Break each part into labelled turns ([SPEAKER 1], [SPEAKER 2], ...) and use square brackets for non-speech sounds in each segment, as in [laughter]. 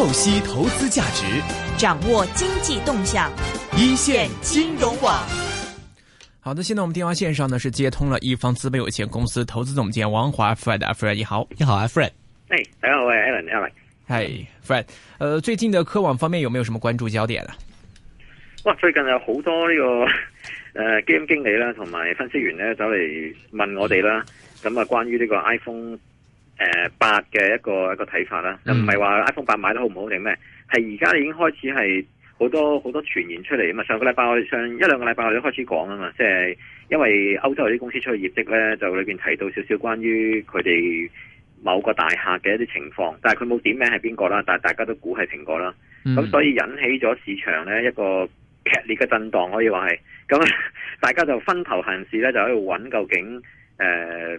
[SPEAKER 1] 透析投資價值，掌握經濟動向，一線金融網。好的，現在我們電話線上呢是接通了一方資本有限公司投資總監王華 fred，fred、啊、你好，你好、啊、fred。哎、
[SPEAKER 2] hey，大家好，我是 alan，alan。
[SPEAKER 1] 嗨，fred，呃，最近的科網方面有沒有什麼關注焦點啊？
[SPEAKER 2] 哇，最近有好多呢、這個，呃，game 經理啦，同埋分析員呢，走嚟問我哋啦，咁啊，關於呢個 iPhone。誒，八嘅一個一個睇法啦，又唔係話 iPhone 八買得好唔好定咩？係而家已經開始係好多好多傳言出嚟啊嘛！上個禮拜，我哋上一兩個禮拜我都開始講啊嘛，即係因為歐洲有啲公司出業績咧，就裏邊提到少少關於佢哋某個大客嘅一啲情況，但係佢冇點名係邊個啦，但係大家都估係蘋果啦，咁、mm. 所以引起咗市場咧一個劇烈嘅震蕩，可以話係咁，大家就分頭行事咧，就喺度揾究竟誒。呃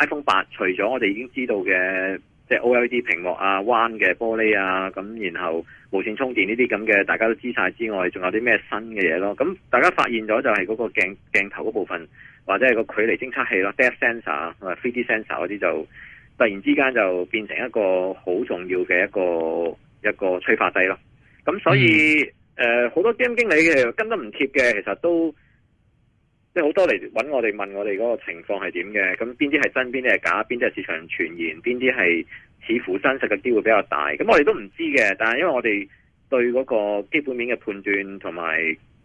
[SPEAKER 2] iPhone 八除咗我哋已經知道嘅，即係 OLED 屏幕啊、彎嘅玻璃啊，咁然後無線充電呢啲咁嘅大家都知晒之外，仲有啲咩新嘅嘢咯？咁大家發現咗就係嗰個鏡鏡頭嗰部分，或者係個距離偵測器咯，Depth Sensor 啊、3D Sensor 嗰啲就，就突然之間就變成一個好重要嘅一個一個催化劑咯。咁所以誒，好、嗯呃、多 GM 經理嘅跟得唔貼嘅，其實都。即係好多嚟搵我哋問我哋嗰個情況係點嘅？咁邊啲係真，邊啲係假，邊啲係市場傳言，邊啲係似乎真實嘅機會比較大。咁我哋都唔知嘅，但係因為我哋對嗰個基本面嘅判斷同埋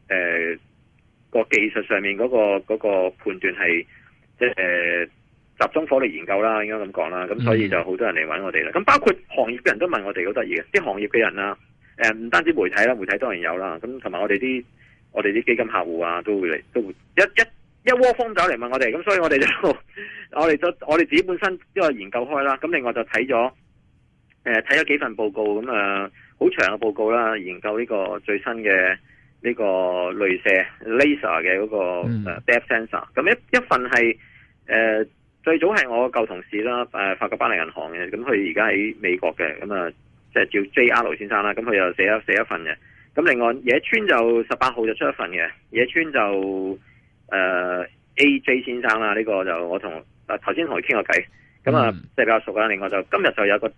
[SPEAKER 2] 誒個技術上面嗰、嗰個、嗰個判斷係即係集中火力研究啦，應該咁講啦。咁所以就好多人嚟搵我哋啦。咁包括行業嘅人都問我哋好得意嘅，啲行業嘅人啦，誒、呃、唔單止媒體啦，媒體當然有啦，咁同埋我哋啲。我哋啲基金客戶啊，都會嚟，都會一一一窩蜂走嚟問我哋，咁所以我哋就，我哋就，我哋自己本身都係研究開啦，咁另外就睇咗，誒睇咗幾份報告，咁啊好長嘅報告啦，研究呢個最新嘅呢、呢個鐳射 laser 嘅嗰個 depth sensor，咁一一份係誒、呃、最早係我舊同事啦，誒、呃、法國巴黎銀行嘅，咁佢而家喺美國嘅，咁啊即係叫 J R 先生啦，咁佢又寫咗寫一份嘅。咁另外野村就十八號就出一份嘅，野村就誒 A J 先生啦，呢、這個就我同誒頭先同佢傾過偈，咁啊即係比較熟啦。另外就今日就有個誒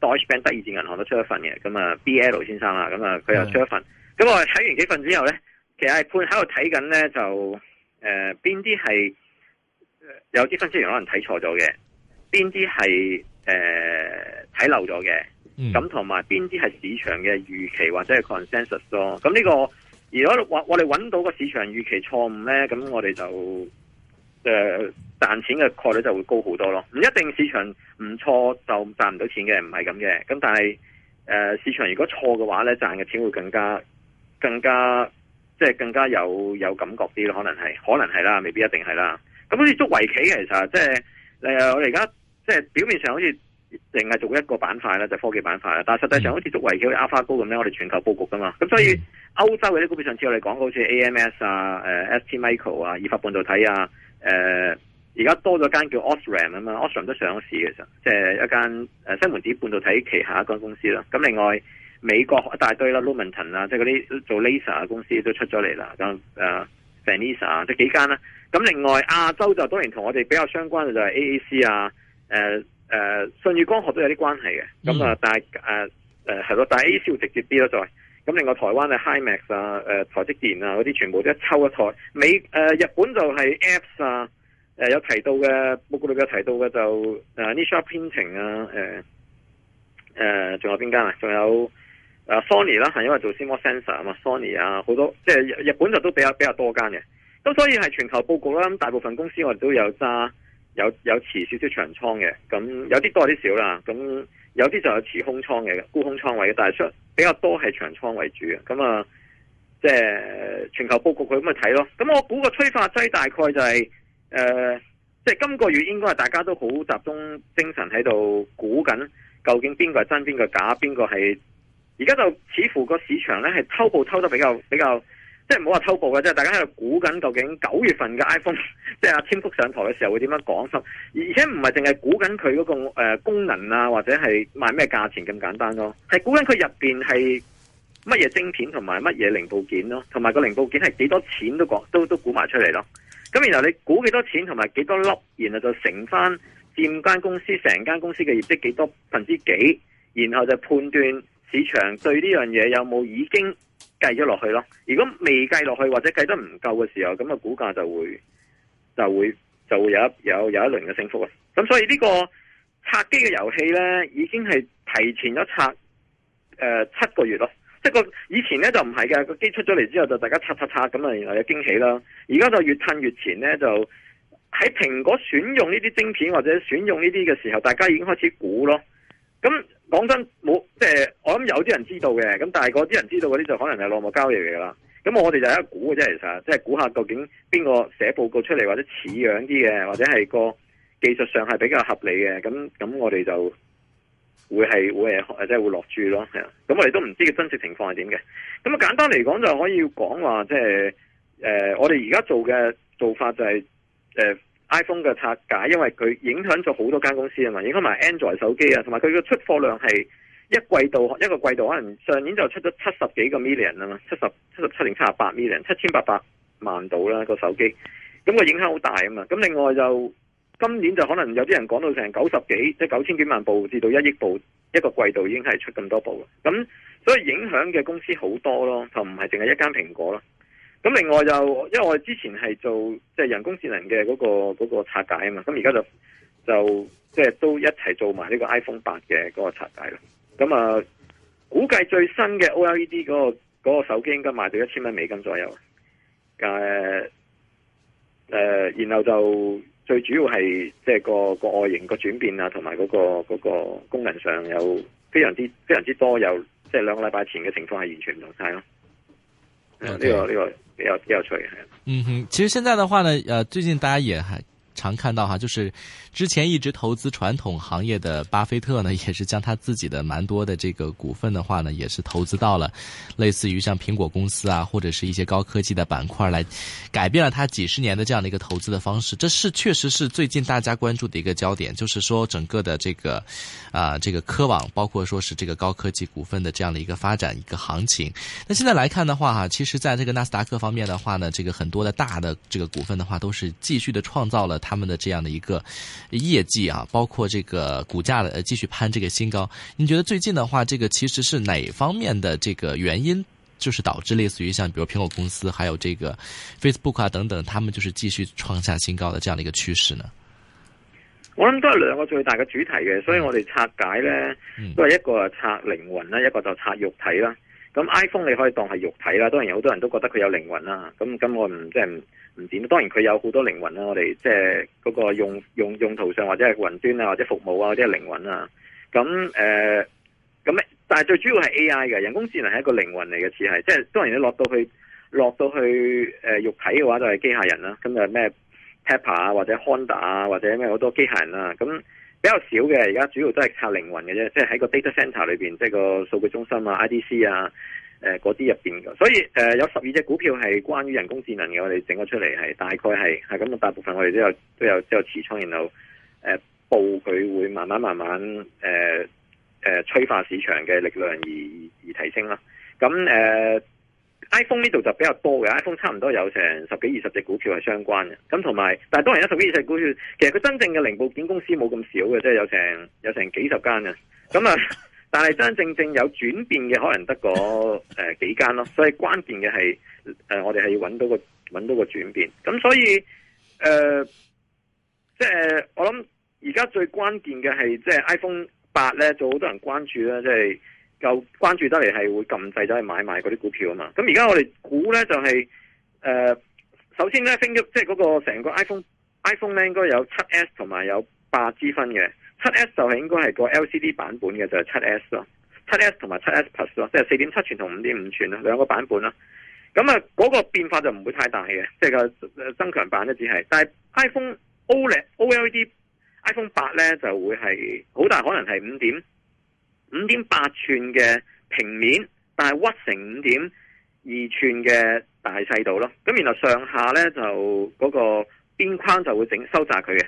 [SPEAKER 2] Deutsche Bank 德意志銀行都出一份嘅，咁啊 B L 先生啦，咁啊佢又出一份。咁、mm. 我睇完幾份之後咧，其實係判喺度睇緊咧，就誒邊啲係有啲分析員可能睇錯咗嘅，邊啲係誒睇漏咗嘅。咁同埋邊啲係市場嘅預期或者係 consensus 咯，咁呢個如果我我哋揾到個市場預期錯誤咧，咁我哋就誒賺錢嘅概率就會高好多咯。唔一定市場唔錯就賺唔到錢嘅，唔係咁嘅。咁但係誒市場如果錯嘅話咧，賺嘅錢會更加更加即係更加有有感覺啲咯。可能係，可能係啦，未必一定係啦。咁好似捉圍棋嘅其實，即係誒我哋而家即係表面上好似。淨係做一個板塊咧，就是、科技板塊啦。但係實際上好似做圍棋啲阿花高咁咧，我哋全球布局噶嘛。咁所以歐洲嘅啲股票，上次我哋講過好似 AMS 啊、誒、呃、ST Micro 啊、以法半導體啊、誒、呃、而家多咗間叫 Osram 啊，Osram 都、啊啊、上市嘅，其實即係一間誒、呃、西門子半導體旗下一間公司啦。咁另外美國一大堆啦 Lumentum 啊，即係嗰啲做 Laser 嘅公司都出咗嚟啦。咁、呃、誒 Finisar，即、啊、係幾間啦、啊。咁另外亞洲就當然同我哋比較相關嘅就係 AAC 啊，誒、呃。誒，信譽光學都有啲關係嘅，咁、嗯、啊，但係誒誒係咯，但係 A 少直接啲咯，再咁，另外台灣嘅 HiMax 啊、誒、啊、台積電啊嗰啲，全部都一抽一台。美誒、啊、日本就係 Apps 啊、誒、啊、有提到嘅報告裏邊有提到嘅就誒 Nissha Printing 啊、誒誒仲有邊間啊？仲、啊啊、有誒、啊、Sony 啦、啊，係因為做 CMOS sensor 啊嘛，Sony 啊好多，即係日日本就都比較比較多間嘅，咁所以係全球報告啦，咁大部分公司我哋都有揸。有有持少少長倉嘅，咁有啲多啲少啦，咁有啲就有持空倉嘅，沽空倉位嘅，但係出比較多係長倉為主的，咁啊，即係全球布局佢咁咪睇咯。咁我估個催化劑大概就係誒，即係今個月應該係大家都好集中精神喺度估緊，究竟邊個係真邊個假，邊個係而家就似乎個市場咧係偷步偷得比較比較。即係唔好話偷步嘅，即係大家喺度估緊究竟九月份嘅 iPhone，即係阿天福上台嘅時候會點樣講心，而且唔係淨係估緊佢嗰個功能啊，或者係賣咩價錢咁簡單咯，啊，係估緊佢入邊係乜嘢晶片同埋乜嘢零部件咯，啊，同埋個零部件係幾多錢都講都都估埋出嚟咯。咁然後你估幾多錢同埋幾多粒，然後就乘翻佔間公司成間公司嘅業績幾多分之幾，然後就判斷市場對呢樣嘢有冇已經，計咗落去咯，如果未計落去或者計得唔夠嘅時候，咁啊股價就會就會就會有一有有一輪嘅升幅啊！咁所以呢個拆機嘅遊戲呢，已經係提前咗拆、呃、七個月咯。即係個以前呢就唔係嘅，個機出咗嚟之後就大家拆拆拆咁啊，然後有驚喜啦。而家就越褪越前呢，就喺蘋果選用呢啲晶片或者選用呢啲嘅時候，大家已經開始估咯。咁。講真冇，即係我諗有啲人知道嘅，咁但係嗰啲人知道嗰啲就可能係內幕交易嚟噶啦。咁我哋就係一個估嘅啫，其實即係估下究竟邊個寫報告出嚟或者似樣啲嘅，或者係個技術上係比較合理嘅。咁咁我哋就會係會即係、就是、會落注咯。係啊，咁我哋都唔知嘅真實情況係點嘅。咁啊簡單嚟講就可以講話、就是，即係誒，我哋而家做嘅做法就係、是、誒。呃 iPhone 嘅拆解，因為佢影響咗好多間公司啊嘛，影響埋 Android 手機啊，同埋佢嘅出貨量係一季度一個季度，可能上年就出咗七十幾個 million 啊嘛，七十七，七十七定七十八 million，七千八百萬度啦個手機，咁個影響好大啊嘛，咁另外就今年就可能有啲人講到成九十幾，即係九千幾萬部至到一億部一個季度已經係出咁多部啦，咁所以影響嘅公司好多咯，就唔係淨係一間蘋果咯。咁另外又，因為我哋之前係做即係、即係、人工智能嘅嗰、嗰個嗰、嗰個拆解啊嘛，咁而家就就即係都一齊做埋呢個 iPhone 八嘅嗰個拆解咯。咁啊，估計最新嘅 OLED 嗰、嗰個嗰、嗰個手機應該賣到一千蚊美金左右，啊。誒、啊、誒、啊，然後就最主要係即係個個外形個轉變啊，同埋嗰個嗰、嗰個功能上有非常之非常之多，有即係兩個禮拜前嘅情況係完全唔同晒咯。呢個呢個要要比
[SPEAKER 1] 較嗯哼，其實現在的話呢，呃，最近大家也還，常看到哈，就是之前一直投資傳統行業的巴菲特呢，也是將他自己的蠻多的這個股份的話呢，也是投資到了類似於像蘋果公司啊，或者是一些高科技的板塊來，改變了他幾十年的這樣的一個投資的方式。這是確實是最近大家關注的一個焦點，就是說整個的這個啊這個科網，包括說是這個高科技股份的這樣的一個發展一個行情。那現在來看的話哈、啊，其實在這個納斯達克方面的話呢，這個很多的大的這個股份的話都是繼續的創造了。他們的這樣的一個業績啊，包括這個股價的繼續攀這個新高，你覺得最近的話，這個其實是哪方面的這個原因，就是導致類似於像比如蘋果公司，還有這個 Facebook 啊等等，他們就是繼續創下新高的這樣的一個趨勢呢？
[SPEAKER 2] 我諗都係兩個最大嘅主題嘅，所以我哋拆解呢，都係一個係拆靈魂啦、嗯，一個就拆肉體啦。咁 iPhone 你可以當係肉體啦，當然有好多人都覺得佢有靈魂啦。咁咁我唔即係。唔止，當然佢有好多靈魂啦。我哋即係嗰個用用用途上，或者係雲端啊，或者服務啊，或者係靈魂啊。咁誒，咁、呃、但係最主要係 AI 嘅人工智能係一個靈魂嚟嘅，似係即係當然你落到去落到去誒、呃、肉體嘅話，就係機械人啦。咁就係咩 Pepper 啊，或者 Honda 啊，或者咩好多機械人啊。咁比較少嘅，而家主要都係靠靈魂嘅啫，即係喺個 data centre e 裏邊，即、就、係、是、個數據中心啊，IDC 啊。誒、呃，嗰啲入邊嘅，所以誒、呃、有十二隻股票係關於人工智能嘅，我哋整咗出嚟，係大概係係咁大部分我哋都有都有都有持倉，然後誒，布、呃、局會慢慢慢慢誒誒、呃呃，催化市場嘅力量而而提升啦。咁誒、呃、iPhone 呢度就比較多嘅，iPhone 差唔多有成十幾二十隻股票係相關嘅。咁同埋，但係當然有十幾二十隻股票，其實佢真正嘅零部件公司冇咁少嘅，即係有成有成幾十間嘅。咁啊。 [laughs] 但係真真正正有轉變嘅，可能得個誒幾間咯，所以關鍵嘅係誒我哋係要揾到個揾到個轉變。咁所以誒即係我諗而家最關鍵嘅係即係 iPhone 八咧就好多人關注啦，即係夠關注得嚟係會撳掣咗去買賣嗰啲股票啊嘛。咁而家我哋估咧就係誒首先咧升咗，即係嗰個成個 iPhone iPhone 咧應該有七 S 同埋有八之分嘅。七 S 就係應該係個 LCD 版本嘅就係七 S 咯，七 S 同埋七 S Plus 咯，即係四點七寸同五點五寸咯，兩個版本咯。咁啊，嗰個變化就唔會太大嘅，即係個增強版咧只係，但係 iPhone OLED iPhone 八咧就會係好大可能係五點五點八寸嘅平面，但係屈成五點二寸嘅大細度咯。咁然後上下咧就嗰個邊框就會整收窄佢嘅。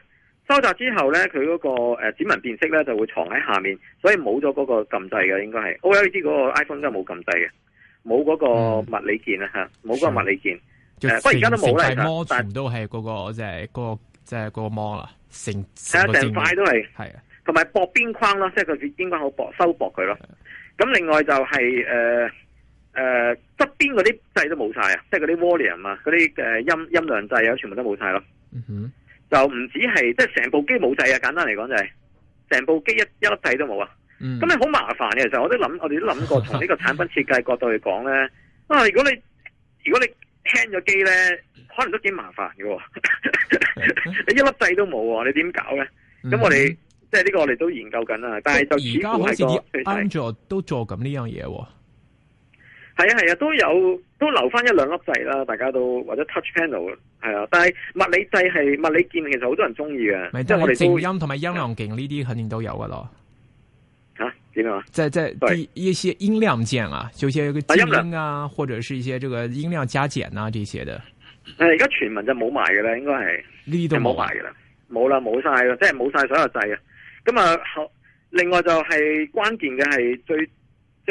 [SPEAKER 2] 收集之後咧，佢嗰個指紋辨識咧就會藏喺下面，所以冇咗嗰個撳掣嘅應該係 OLED 嗰個 iPhone 都冇撳掣嘅，冇嗰個物理鍵啊。嚇、嗯，冇嗰個物理鍵。不過而家都冇啦，但係
[SPEAKER 1] 都係嗰、嗰個即係嗰個即係嗰個芒啦，成成塊都係。係啊，
[SPEAKER 2] 同埋薄邊框啦，即係佢邊框好薄，收薄佢咯。咁另外就係誒誒側邊嗰啲掣都冇晒啊，即係嗰啲 volume 啊，嗰啲音音量掣啊，全部都冇晒咯。嗯哼。就唔止係，即係成部機冇掣啊！簡單嚟講就係、是，成部機一一粒掣都冇啊！咁你好麻煩嘅，其實我都諗，我哋都諗過，從呢個產品設計角度去講咧， [laughs] 啊，如果你如果你 hang 咗機咧，可能都幾麻煩嘅、 [laughs] 嗯，你一粒掣都冇，你點搞咧？咁我哋即係呢個我哋都研究緊啊！但係就而家好似安
[SPEAKER 1] 卓都做緊呢樣嘢。
[SPEAKER 2] 係啊係啊，都有都留翻一兩粒掣啦，大家都或者 touch panel 係啊，但係物理掣係物理鍵，其實好多人中意嘅。即係我哋靜音
[SPEAKER 1] 同埋音量鍵呢啲肯定都有㗎咯。吓點啊？即係即係一些音量鍵啊，有些個音啊音，或者是一些這個音量加減啊這些的。
[SPEAKER 2] 誒而家全民就冇埋㗎啦，應該係呢都冇埋㗎啦，冇啦冇晒咯，即係冇晒所有掣啊。咁啊，另外就係關鍵嘅係最。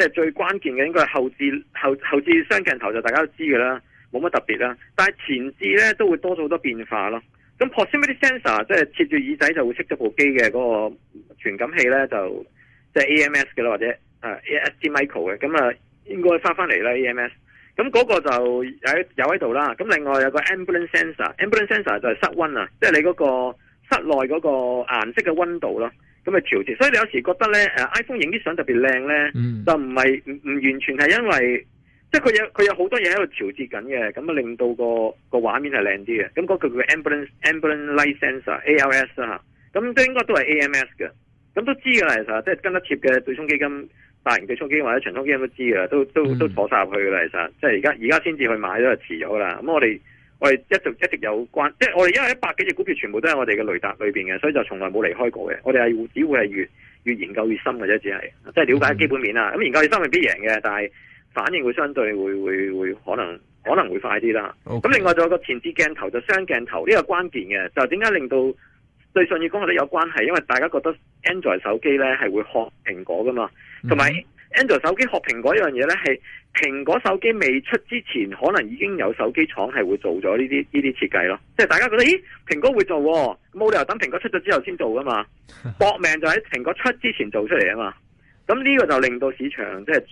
[SPEAKER 2] 即係最關鍵嘅，應該係後置後後置雙鏡頭就大家都知噶啦，冇乜特別啦。但係前置咧都會多咗好多變化咯。咁 proximity sensor 即係貼住耳仔就會熄咗部機嘅嗰個傳感器咧，就即係、就是、AMS 嘅啦，或者誒 ST Micro 嘅。咁啊，應該返翻嚟啦 AMS。咁嗰個就喺有喺度啦。咁另外有個 ambulance sensor，ambulance sensor 就係室溫啊，即係你嗰個室內嗰個顏色嘅溫度咯。咁啊調節，所以你有時覺得咧、啊、，iPhone 影啲相特別靚咧，就唔係唔唔完全係因為，即係佢有佢有好多嘢喺度調節緊嘅，咁啊令到個個畫面係靚啲嘅。咁、那、嗰個叫 Ambulance Ambulance Light Sensor ALS 啊，咁都應該都係 AMS 嘅。咁都知嘅啦，其實即係跟得貼嘅對沖基金、大型對沖基金或者長沖基金都知嘅啦，都都、嗯、都坐曬入去嘅啦，其實即係而家而家先至去買都係遲咗啦。咁我哋。我哋一一直有關，即係我哋因為一百幾隻股票全部都係我哋嘅雷達裏面嘅，所以就從來冇離開過嘅。我哋係只會係越越研究越深嘅啫，只係即係了解基本面啦。咁研究越深未必贏嘅，但係反應會相對會會會可能可能會快啲啦。咁、okay. 另外仲有個前置鏡頭就雙鏡頭呢、這個關鍵嘅，就點、是、解令到對信義光學都有關係？因為大家覺得 Android 手機呢係會學蘋果噶嘛，同埋。Mm -hmm. Android 手機學蘋果一樣嘢咧，係蘋果手機未出之前，可能已經有手機廠係會做咗呢啲呢啲設計咯。即係大家覺得咦，蘋果會做，咁冇理由等蘋果出咗之後先做噶嘛？搏命就喺蘋果出之前做出嚟啊嘛！咁呢個就令到市場即係、就是、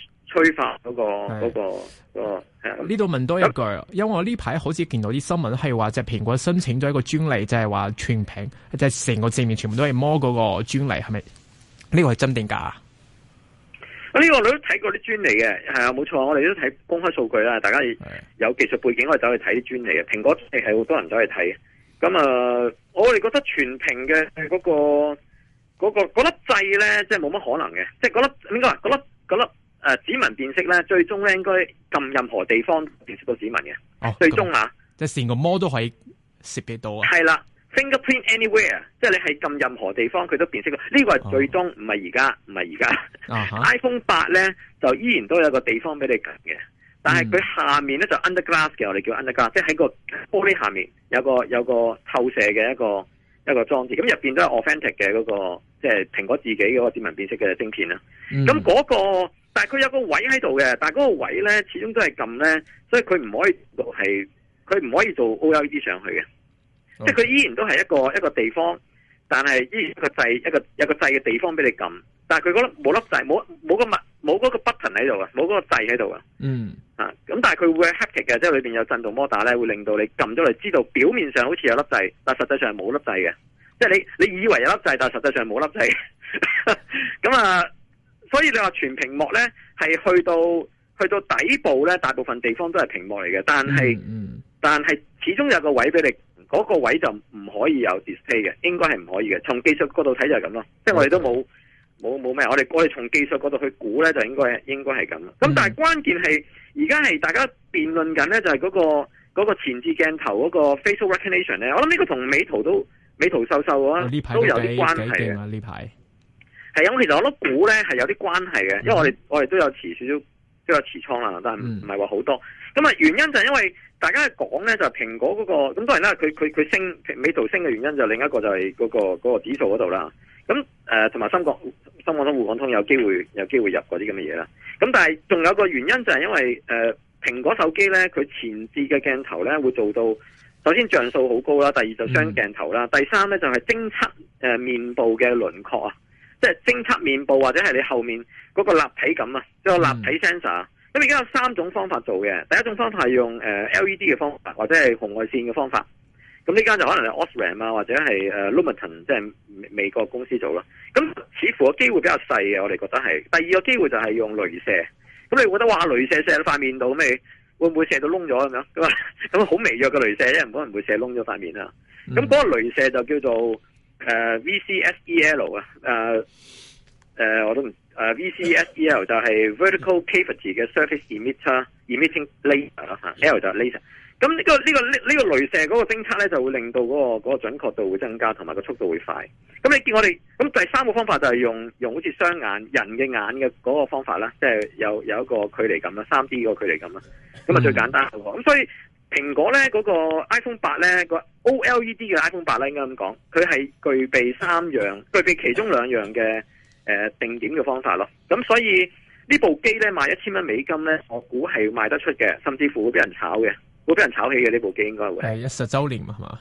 [SPEAKER 2] 催化嗰、嗰個嗰個。
[SPEAKER 1] 呢度問多一句，因為我呢排好似見到啲新聞係話，即、就、係、是、蘋果申請咗一個專利，就係、是、話全屏，即係成個正面全部都係摸嗰個專利，係咪？呢、呢個係真定假？
[SPEAKER 2] 呢、這個女都睇過啲專利嘅，係啊，冇錯，我哋都睇公開數據啦。大家有技術背景，我哋走去睇啲專利嘅。蘋果亦係好多人走去睇。咁啊、呃，我哋覺得全屏嘅嗰、嗰個嗰、嗰個嗰粒掣咧，即係冇乜可能嘅。即係嗰粒應該話嗰粒嗰粒誒指紋辨識咧，最終咧應該撳任何地方辨識到指紋嘅。
[SPEAKER 1] 哦，最終啊，即係連個摩都可以識別到啊。係啦。
[SPEAKER 2] Fingerprint anywhere，即係你係撳任何地方，佢都辨識到。呢、這個係最終，唔係而家，唔係而家。Uh -huh. [laughs] iPhone 八咧就依然都有個地方俾你撳嘅，但係佢下面咧就是、under glass 嘅，我哋叫 under glass，mm. 即係喺個玻璃下面有個有個透射嘅一個一個裝置，咁入邊都係 authentic 嘅嗰、那個，即、就、係、是、蘋果自己嘅、那個指紋辨識嘅晶片啦。咁、mm. 嗰、那個，但係佢有個位喺度嘅，但係嗰個位咧始終都係撳咧，所以佢唔可，可以做係，佢唔可以做 OLED 上去嘅。即係佢依然都係一個一個地方，但係依然一個掣，一個有個掣嘅地方俾你撳。但係佢嗰粒冇粒掣，冇冇個密，冇個 button 喺度啊，冇嗰個掣喺度啊。嗯，啊，咁但係佢會係 haptic 嘅，即係裏邊有震動摩打呢會咧，會令到你撳咗嚟，知道表面上好似有粒掣，但實際上係冇粒掣嘅。即係你你以為有粒掣，但係實際上冇粒掣。咁啊，所以你話全屏幕咧，係去到去到底部咧，大部分地方都係屏幕嚟嘅，但係、嗯嗯、但係始終有個位俾你。嗰、那個位就唔可以有 display 嘅，應該係唔可以嘅。從技術角度睇就係咁咯，即、okay。係我哋都冇冇冇咩，我哋過去從技術角度去估咧，就應該係應該係咁咯。咁、嗯、但係關鍵係而家係大家辯論緊咧、那個，就係嗰個嗰個前置鏡頭嗰個 facial recognition 咧。我諗呢個同美圖都美圖秀秀啊，都有啲關係啊。呢排係啊，其實我都估咧係有啲關係嘅、嗯，因為我哋我哋都有持少少都有持倉啦，但係唔係話好多。嗯咁啊，原因就係因為大家講咧，就係蘋果嗰、那個咁當然啦，佢佢佢升美圖升嘅原因就另一個就係嗰、那個那個指數嗰度啦。咁誒同埋深，深湖港深港通、滬港通有機會有機會入嗰啲咁嘅嘢啦。咁但係仲有一個原因就係因為誒、呃、蘋果手機咧，佢前置嘅鏡頭咧會做到首先像素好高啦，第二就雙鏡頭啦、嗯，第三咧就係偵測誒面部嘅輪廓啊，即係偵測面部、就是、測面部或者係你後面嗰個立體感啊，即、就、係、是、立體 sensor、嗯。咁而家有三種方法做嘅，第一種方法係用 LED 嘅方法，或者係紅外線嘅方法，咁呢間就可能係 OSRAM 啊或者係 Lumiton，即係美國公司做囉。咁似乎個機會比較細嘅，我哋覺得係。第二個機會就係用雷射，咁你覺得話雷射射到塊面度，你會唔會射到窿咗咁樣？咁啊咁好微弱嘅雷射咧，唔可能會射窿咗塊面啊。咁、嗯、嗰個雷射就叫做、呃、VCSEL 啊、呃呃，我都唔。誒、uh，VCSEL 就係 vertical cavity 嘅 surface emitter emitting laser，L 就係 laser。咁呢、這個呢、這個呢、這個鐳射嗰個偵測呢，就會令到嗰、那個嗰、那個準確度會增加，同埋個速度會快。咁你見我哋咁第三個方法就係用用好似雙眼人嘅眼嘅嗰個方法啦，即、就、係、是、有有一個距離感啦，三 D 個距離感啦。咁啊最簡單咁、嗯、所以蘋果呢，嗰、那個 iPhone 八呢，個 OLED 嘅 iPhone 八呢應該咁講，佢係具備三樣，具備其中兩樣嘅。誒、呃，定點嘅方法咯，咁所以呢部機咧賣一千蚊美金咧，我估係賣得出嘅，甚至乎會俾人炒嘅，會俾人炒起嘅呢部機應該會係
[SPEAKER 1] 一十周年嘛係嘛，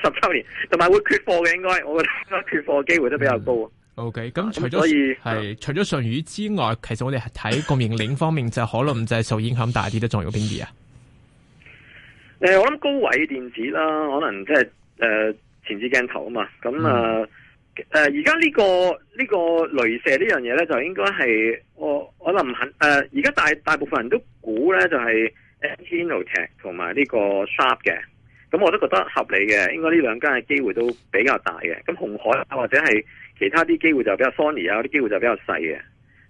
[SPEAKER 2] 十周年同埋 [laughs] 會缺貨嘅應該，我覺得缺貨嘅機會都比較高。嗯、
[SPEAKER 1] OK，咁、嗯嗯、除咗係除咗上游之外， [laughs] 其實我哋睇供應鏈方面，就可能就係受影響大啲都仲有邊啲啊？
[SPEAKER 2] 誒、呃，我諗高偉電子啦，可能即係誒前置鏡頭啊嘛，咁啊。嗯誒、呃，而家、這個這個，呢個呢個鐳射呢樣嘢咧，就應該係我我諗唔肯誒。而、呃、家大大部分人都估咧，就係誒 i n t e h 同埋呢個 sharp 嘅。咁我都覺得合理嘅，應該呢兩間嘅機會都比較大嘅。咁紅海啊，或者係其他啲機會就比較 sony 啊，啲機會就比較細嘅，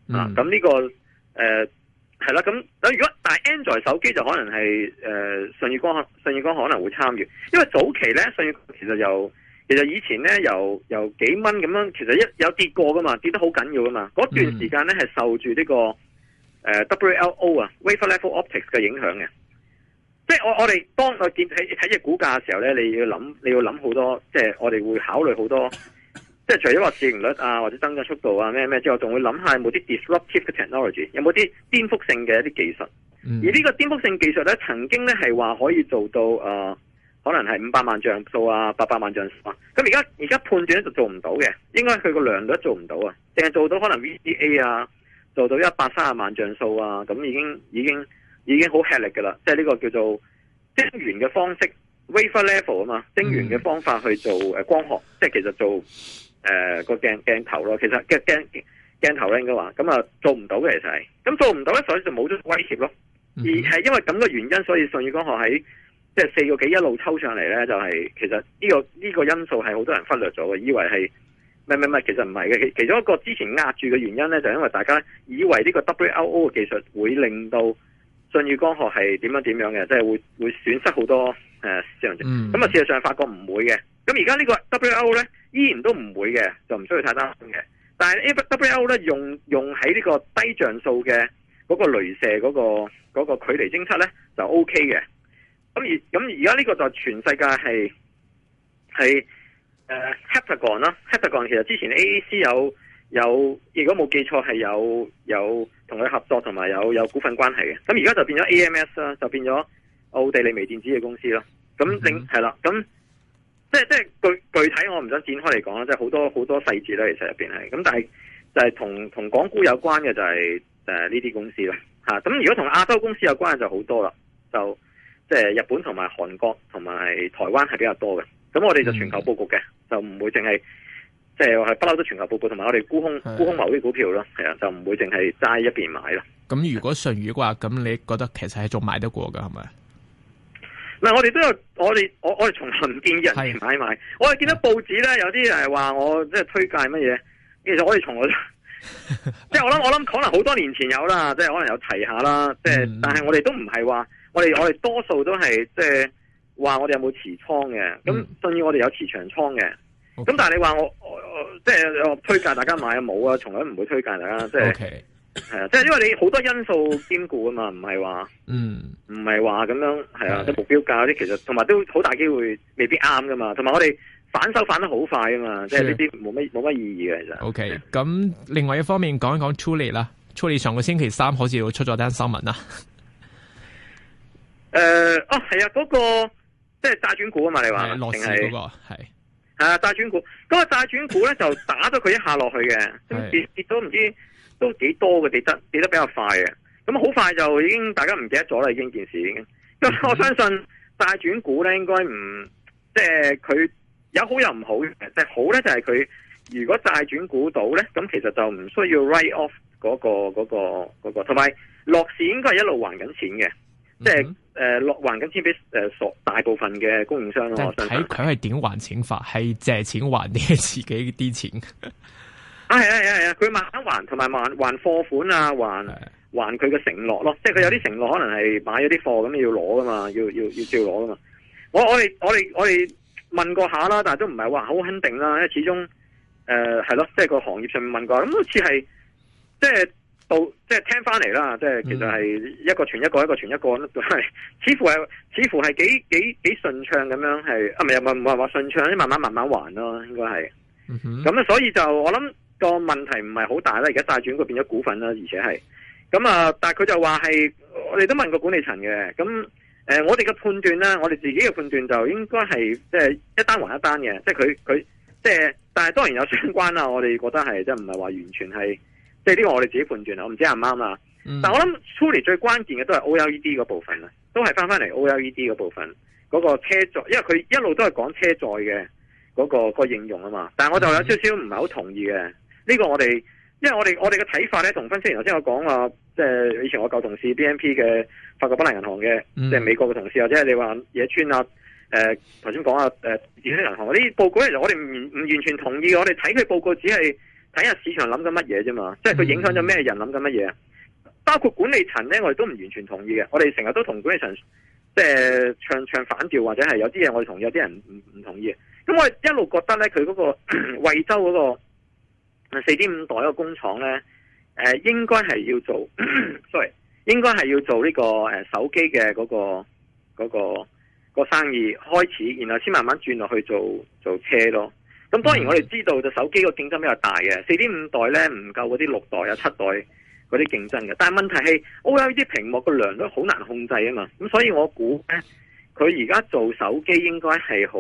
[SPEAKER 2] 嗯。啊，咁呢、這個誒係啦。咁、呃、如果但係 android 手機就可能係誒舜宇光、舜宇光可能會參與，因為早期咧舜宇光其實有。其實以前咧，由由幾蚊咁樣，其實一有跌過噶嘛，跌得好緊要噶嘛。嗰段時間咧，係受住呢、這個誒、呃、WLO 啊 Wafer Level Optics 嘅影響嘅。即係我我哋當我見睇睇隻股價嘅時候咧，你要諗你要諗好多。即係我哋會考慮好多。即係除咗話市盈率啊或者增長速度啊咩咩之外，仲會諗下有冇啲 disruptive 嘅 technology，有冇啲顛覆性嘅一啲技術、嗯。而呢個顛覆性技術咧，曾經咧係話可以做到誒。呃可能係五百萬像素啊，八百萬像素啊，咁而家而家判斷咧就做唔到嘅，應該佢個量都做唔到啊，淨係做到可能 v c a 啊，做到一百三十萬像素啊，咁已經已經已經好吃力噶啦，即係呢個叫做晶圓嘅方式 Wafer Level 啊嘛，mm -hmm. 晶圓嘅方法去做光學，即係其實做誒個鏡鏡頭咯，其實鏡鏡鏡頭應該話咁啊做唔到嘅其實係，咁做唔到咧，所以就冇咗威脅咯，mm -hmm. 而係因為咁嘅原因，所以順宇光學喺。即係四個幾一路抽上嚟咧，就係、是、其實呢、呢個呢、呢個因素係好多人忽略咗嘅，以為係咩咩咩，其實唔係嘅。其其中一個之前壓住嘅原因咧，就是、因為大家以為呢個 WLO 嘅技術會令到舜宇光學係點樣點樣嘅，即、就、係、是、會會損失好多誒咁啊，呃嗯、那事實上發覺唔會嘅。咁而家呢個 WLO 咧，依然都唔會嘅，就唔需要太擔心嘅。但係 A WLO 咧，用用喺呢個低像素嘅嗰個鐳射嗰、嗰個、嗰個距離偵測咧，就 OK 嘅。咁而咁而家呢個就全世界係係誒、uh, Heptagon 啦 Heptagon 其實之前 A A C 有有，如果冇記錯係有有同佢合作，同埋有有股份關係嘅。咁而家就變咗 A M S 啦，就變咗奧地利微電子嘅公司咯。咁另係啦，咁、mm -hmm. 即係即係具具體我唔想展開嚟講啦，即係好多好多細節啦，其實入邊係咁。但係就係同同港股有關嘅就係誒呢啲公司啦，吓、啊、咁如果同亞洲公司有關嘅就好多啦，就。即係日本同埋韓國同埋台灣係比較多嘅，咁我哋就全球布局嘅、嗯，就唔會淨係即係係不嬲,都全球布局，同埋我哋沽空係啊沽空某啲股票咯，係啊，就唔會淨係齋一邊買咯。
[SPEAKER 1] 咁、嗯、如果順馀嘅話，咁你覺得其實係仲買得過嘅係咪？
[SPEAKER 2] 嗱，我哋都有我哋我我哋從來唔見人買賣，我哋見到報紙咧有啲係話我即係推介乜嘢，其實我哋從 [laughs] 我，即係我諗我諗可能好多年前有啦，即係可能有提下啦，嗯、即係但係我哋都唔係話。我哋我哋多數都係即係話我哋有冇持倉嘅，咁甚至我哋有持長倉嘅。咁、okay. 但係你話我我即係推介大家買啊？冇啊，從來唔會推介大家。即係係啊，即係因為你好多因素兼顧啊嘛，唔係話嗯，唔係話咁樣係啊啲目標價啲，其實同埋都好大機會未必啱噶嘛。同埋我哋反手反得好快啊嘛，即係呢啲冇乜冇乜意義嘅。其、okay. 實。
[SPEAKER 1] OK. 咁另外一方面講一講 t u o l a 啦 t u o l a 上個星期三好似出咗單新聞啊。
[SPEAKER 2] 誒、呃，哦，係啊，嗰、那個即係債轉股啊嘛，你話，落定嗰個係係啊，債轉股，嗰 [laughs] 個債轉股咧就打咗佢一下落去嘅，跌，跌咗唔知都幾多嘅跌得，跌得比較快嘅，咁好快就已經大家唔記得咗啦，已經了了這件事已經。咁、嗯、我相信債轉股咧，應該唔即係佢有好有唔好嘅，即係好咧就係佢如果債轉股到咧，咁其實就唔需要 write off 嗰個個個，同、那、埋、個那個那個，落市應該係一路還緊錢嘅。即係誒，落、呃、還緊錢俾誒所大部分嘅供應商咯。睇佢
[SPEAKER 1] 係點還錢法，係借錢還啲自己啲錢。
[SPEAKER 2] [laughs] 啊，係啊，係啊，佢、啊啊、慢慢還，同埋還還貨款啊，還還佢嘅承諾咯。即係佢有啲承諾，可能係買咗啲貨咁，要攞噶嘛，要要要照攞噶嘛。我我哋我哋我哋問過下啦，但係都唔係話好肯定啦，因為始終誒係咯，即、呃、係、啊就係、個行業上面問過，咁好似係即係。到即係聽翻嚟啦，即係其實係一個傳一個，一個傳一個係， [laughs] 似乎係似乎係幾幾幾順暢咁樣係，啊唔係唔係唔係話順暢，啲慢慢慢慢還咯，應該係。咁、嗯、咧，所以就我諗個問題唔係好大啦，而家債轉，佢變咗股份啦，而且係咁啊，但係佢就話係我哋都問過管理層嘅，咁誒、呃，我哋嘅判斷咧，我哋自己嘅判斷就應該係即係一單還一單嘅，即係佢佢即係，但係當然有相關啦，我哋覺得係即係唔係話完全係。即係呢個我哋自己判斷啦，我唔知啱唔啱啊！但係我諗出嚟最關鍵嘅都係 OLED 嗰部分啦，都係翻翻嚟 OLED 嗰部分嗰、那個車載，因為佢一路都係講車載嘅嗰、那個、那個應用啊嘛。但係我就有少少唔係好同意嘅呢、嗯這個我哋，因為我哋我哋嘅睇法咧同分析員頭先我講話，即、呃、係以前我舊同事 BNP 嘅法國巴黎銀行嘅，即、嗯、係、就是、美國嘅同事，或者係你話野村啊，誒、呃，頭先講啊，誒、呃，日本銀行嗰啲報告其實，我哋唔唔完全同意，我哋睇佢報告只係。睇下市場諗緊乜嘢啫嘛，即係佢影響咗咩人諗緊乜嘢，包括管理層咧，我哋都唔完全同意嘅。我哋成日都同管理層即係唱唱反調，或者係有啲嘢我哋同意，有啲人唔唔同意。咁我一路覺得咧，佢嗰個惠州嗰個四點五代個工廠咧，誒應該係要做，sorry，應該係要做呢個誒手機嘅嗰個嗰個個生意開始，然後先慢慢轉落去做做車咯。咁當然我哋知道就手機個競爭比較大嘅，四點五代咧，唔夠嗰啲六代啊七代嗰啲競爭嘅。但係問題係 OLED 屏幕個量都好難控制啊嘛。咁所以我估咧，佢而家做手機應該係好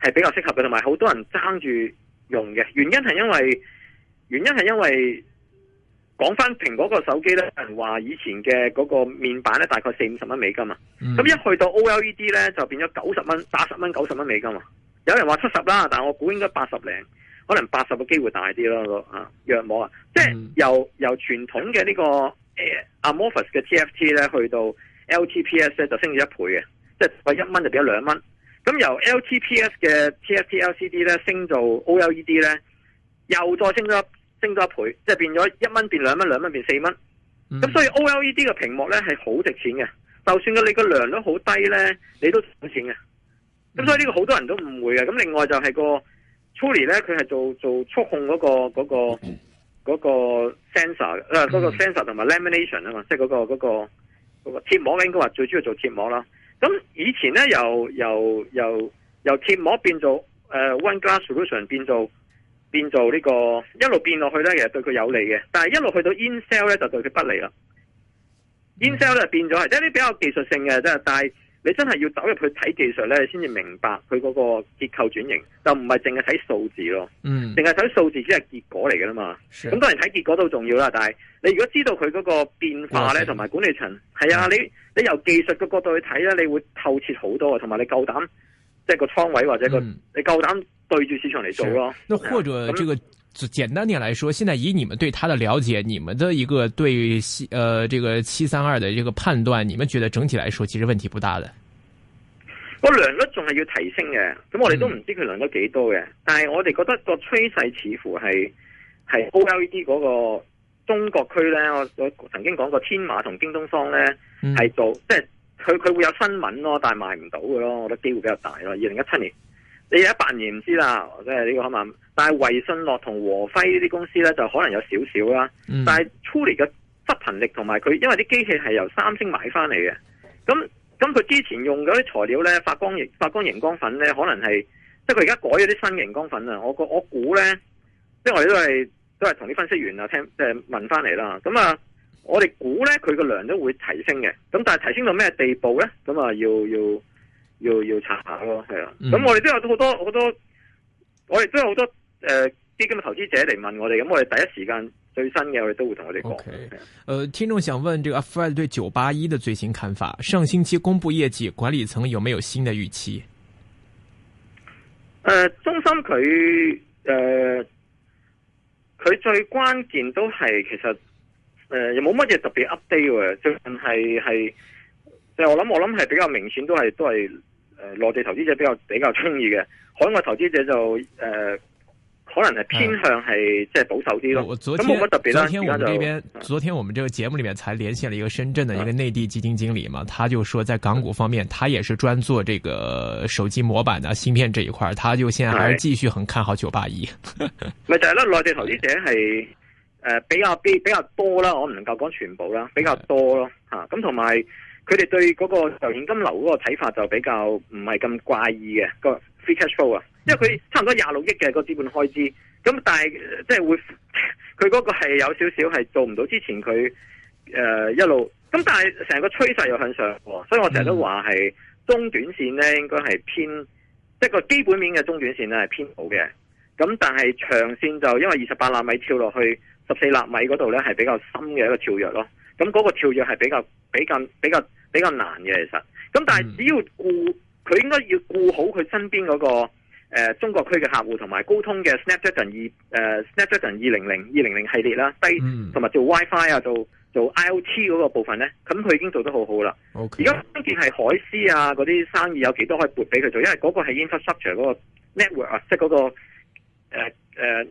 [SPEAKER 2] 係比較適合嘅，同埋好多人爭住用嘅原因係因為原因係因為講翻蘋果個手機咧，人話以前嘅嗰個面板咧大概四五十蚊美金啊，咁、嗯、一去到 OLED 咧就變咗九十蚊，八十蚊九十蚊美金啊。有人話七十啦，但係我估應該八十零，可能八十嘅機會大啲咯。啊，屏幕啊，即係由由傳統嘅呢個 Amorphous 嘅 TFT 咧，去到 LTPS 咧就升咗一倍嘅，即係貴一蚊就變咗兩蚊。咁由 LTPS 嘅 TFT LCD 咧升做 OLED 咧，又再升咗升咗一倍，即係變咗一蚊變兩蚊，兩蚊變四蚊。咁、嗯、所以 OLED 嘅屏幕咧係好值錢嘅，就算佢你個良率好低咧，你都值錢嘅。咁所以呢個好多人都誤會嘅。咁另外就係個 Truly 咧，佢係做做觸控嗰、嗰個嗰、嗰個嗰、嗰個 sensor，誒、呃、嗰、嗰個 sensor 同埋 lamination 啊嘛、嗰個，即係嗰個嗰、嗰個、嗰個貼膜應該話最主要做貼膜啦。咁以前咧由，由，由，由貼膜變做、呃、one glass solution 變做變做，變做、呢個、一直變下呢個一路變落去咧，其實對佢有利嘅。但係一路去到 in cell 咧，就對佢不利啦。in cell 咧變咗係即係啲比較技術性嘅，即係帶。但你真係要走入去睇技術咧，先至明白佢嗰個結構轉型，就唔係淨係睇數字咯。嗯，淨係睇數字只係結果嚟噶啦嘛。咁當然睇結果都重要啦，但係你如果知道佢嗰個變化咧，同埋管理層，係啊，嗯、你你由技術嘅角度去睇咧，你會透徹好多啊，同埋你夠膽即係、即係、個倉位或者、嗰個、嗯、你夠膽對住市場嚟做咯、啊。或者這
[SPEAKER 1] 個。簡單點來說，現在以你們對他的了解，你們的一個對於、呃、這個七三二的這個判斷，你們覺得整體來說其實問題不大咧。
[SPEAKER 2] 個、嗯、良率仲係要提升嘅，咁我哋都唔知佢良率幾多嘅，但係我哋覺得個趨勢似乎係係 O L E D 嗰個中國區呢，我曾經講過天馬同京東方呢係、嗯、做，即係佢佢會有新聞咯，但係賣唔到嘅咯，我覺得機會比較大咯。二零一七年，你一八年唔知啦，即係呢個可能。但係維信諾同和輝呢啲公司咧，就可能有少少啦。但係出嚟嘅執行力同埋佢，因為啲機器係由三星買翻嚟嘅。咁咁佢之前用嗰啲材料咧，發光熒發光熒光粉咧，可能係即係佢而家改咗啲新熒光粉啊。我我估咧，即係我哋都係都係同啲分析員啊聽，即係問翻嚟啦。咁啊，我哋估咧佢個量都會提升嘅。咁但係提升到咩地步咧？咁啊，要要要要查下咯，係啊。咁、嗯、我哋都有好多好多，我哋都我有好多。誒、呃，基金嘅投資者嚟問我哋，咁我哋第一時間最新嘅，我哋都會同我哋講。誒、okay.
[SPEAKER 1] 呃，聽眾想問，這個阿 Fred 對九八一嘅最新看法？上星期公布業績，管理層有冇有新嘅預期？誒、
[SPEAKER 2] 呃，中心佢誒，佢、呃、最關鍵都係其實誒、呃，又冇乜嘢特別 update 喎，最近係係，即係我諗我諗係比較明顯，都係都係誒，內、呃、地投資者比較比較中意嘅，海外投資者就誒。呃可能係偏向係即係保守啲咯，咁冇乜特別啦。昨天我們這邊，
[SPEAKER 1] 昨天我們這個節目裏面才連線了一個深圳的一個內地基金經理嘛，嗯、他就說在港股方面，嗯，他也是專做這個手機模板啊，嗯、芯片這一塊，他就現在還是繼續很看好九八一。
[SPEAKER 2] 咪 [laughs] 就係咯，內地投資者係誒比較比比較多啦，我唔能夠講全部啦，比較多咯吓。咁同埋佢哋對嗰個就現金流嗰個睇法就比較唔係咁怪異嘅個非 cash flow 啊。因為佢差唔多廿六億嘅個資本開支，咁但係即係會，佢嗰個係有少少係做唔到之前佢誒、呃、一路，咁但係成個趨勢又向上，所以我成日都話係中短線咧，應該係偏即係個基本面嘅中短線咧係偏好嘅，咁但係長線就因為二十八納米跳落去十四納米嗰度咧係比較深嘅一個跳躍咯，咁嗰個跳躍係比較比較比較比較難嘅其實，咁但係只要顧佢應該要顧好佢身邊嗰、嗰個。誒、呃、中國區嘅客戶同埋高通嘅 Snapdragon 二誒、呃、Snapdragon 二零零二零零系列啦，低同埋做 WiFi 啊，做做 IoT 嗰個部分咧，咁佢已經做得好好啦。而家關鍵係海思啊嗰啲生意有幾多可以撥俾佢做，因為嗰個係 infrastructure 嗰個 network 啊、那個，即係嗰個誒誒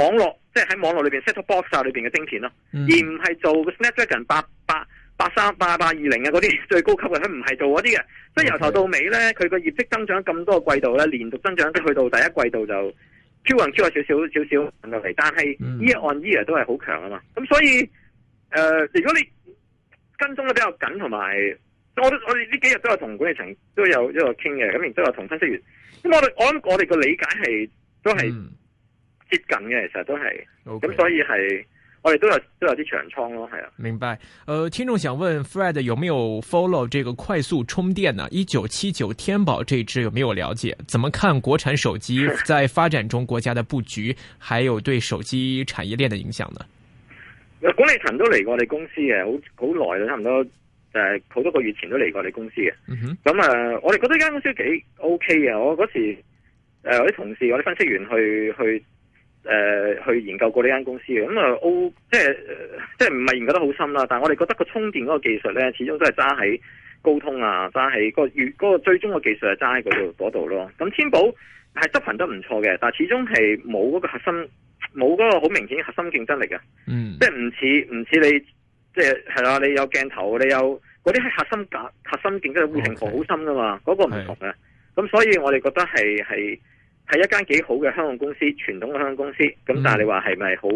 [SPEAKER 2] 網絡，即係喺網絡裏邊 set-top box 啊裏邊嘅芯片咯，mm. 而唔係做 Snapdragon 八八。八三八八二零啊，嗰啲最高級嘅，佢唔係做嗰啲嘅，即係由頭到尾咧，佢個業績增長咁多個季度咧，連續增長都去到第一季度就 Q on Q 少少少少翻落嚟，但係 year on year 都係好強啊嘛，咁、mm. 所以誒、呃，如果你跟蹤得比較緊，同埋，我都我哋呢幾日都有同管理層都有一個傾嘅，咁亦都有同分析員，咁我哋我諗我哋個理解係都係接近嘅，mm. 其實都係，咁、okay. 所以係。我哋都有都有啲長倉咯、哦，係
[SPEAKER 1] 啊，明白。呃，聽眾想問 Fred 有沒有 follow 這個快速充電呢？1979一九七九天寶這支有沒有了解？怎麼看國產手機在發展中國家的布局，還有對手機產業鏈的影響呢？
[SPEAKER 2] [laughs] 管理層都嚟過我哋公司嘅，好好耐啦，差唔多誒好、呃、多個月前都嚟過我哋公司嘅。咁、嗯、啊、嗯呃，我哋覺得這間公司幾 OK 嘅。我嗰時誒、呃，我啲同事，我啲分析員去去。誒、呃，去研究過呢間公司嘅，咁啊，O 即係即係唔係研究得好深啦。但係我哋覺得個充電嗰個技術咧，始終都係揸喺高通啊，揸喺，嗰個越，嗰個最終嘅技術係揸喺嗰度嗰度咯。咁天寶係執行得唔錯嘅，但係始終係冇嗰個核心，冇嗰個好明顯嘅核心競爭力嘅。嗯，即，即係唔似唔似你，即係係啦，你有鏡頭，你有嗰啲係核心格核心競爭護城河好深噶嘛，嗰，okay，個唔同嘅。咁所以我哋覺得係係。係一間幾好嘅香港公司，傳統嘅香港公司。咁但係你話係咪好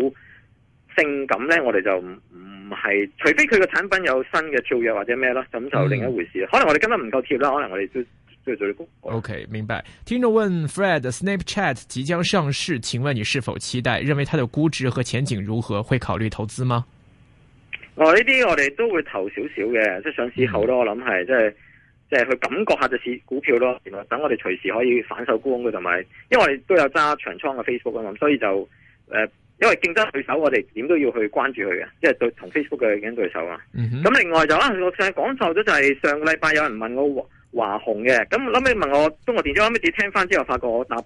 [SPEAKER 2] 性感呢？嗯、我哋就唔係，除非佢個產品有新嘅造藥或者咩咯，咁就另一回事。可能我哋今日唔夠貼啦，可能我哋都都要做啲工。
[SPEAKER 1] OK，明白。聽眾問，Fred Snapchat 即將上市，請問你是否期待？認為它的估值和前景如何？會考慮投資嗎？
[SPEAKER 2] 哦，呢啲我哋都會投少少嘅，即係上市後咧，我諗係即係。就是即、就、係、是、去感覺下就市股票咯，等我哋隨時可以反手沽嘅，同埋因為我哋都有揸長倉嘅 Facebook 啊，咁所以就誒，因為競爭對手,對手我哋點都要去關注佢嘅，即係同 Facebook 嘅競爭對手啊。咁另外就啦、啊，我上講錯咗，就係上個禮拜有人問我華華虹嘅，咁諗起問我中國電子，諗起聽翻之後發覺我答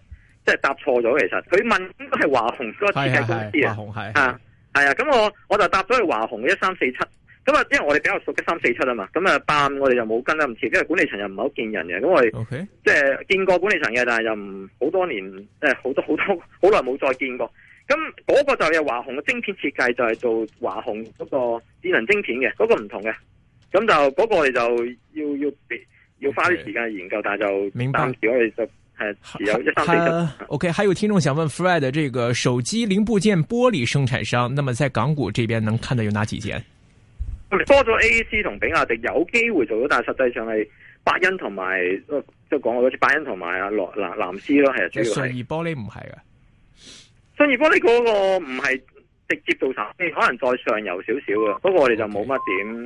[SPEAKER 2] 即係答錯咗，其實佢問應該係華虹嗰個設計公司是是是是是是啊，華虹係啊，係啊，咁我我就答咗係華虹一三四七。咁啊，因為我哋比較熟一三四七啊嘛，咁啊，但我哋就冇跟得唔切，因為管理層又唔係好見人嘅，咁我哋即係見過管理層嘅，但係又唔好多年，即係好多好多好耐冇再見過。咁嗰個就係華虹嘅晶片設計，就係做華虹嗰個智能晶片嘅，嗰個唔同嘅。咁就嗰個我哋就要要要花啲時間研究，okay, 但係就暫時我哋就係只有一三四七。
[SPEAKER 1] OK，還有聽眾想問 Fred 的這個手機零部件玻璃生產商，那麼在港股這邊能看到有哪幾件？
[SPEAKER 2] 多咗 A A C 同比亞迪有機會做到，但係實際上係伯恩同埋，即係講好似伯恩同埋阿羅藍藍斯咯，係啊，主要信義
[SPEAKER 1] 玻璃唔係啊，
[SPEAKER 2] 信義玻璃嗰個唔係直接做產，你可能再上游少少噶，不過我哋就冇乜點。Okay.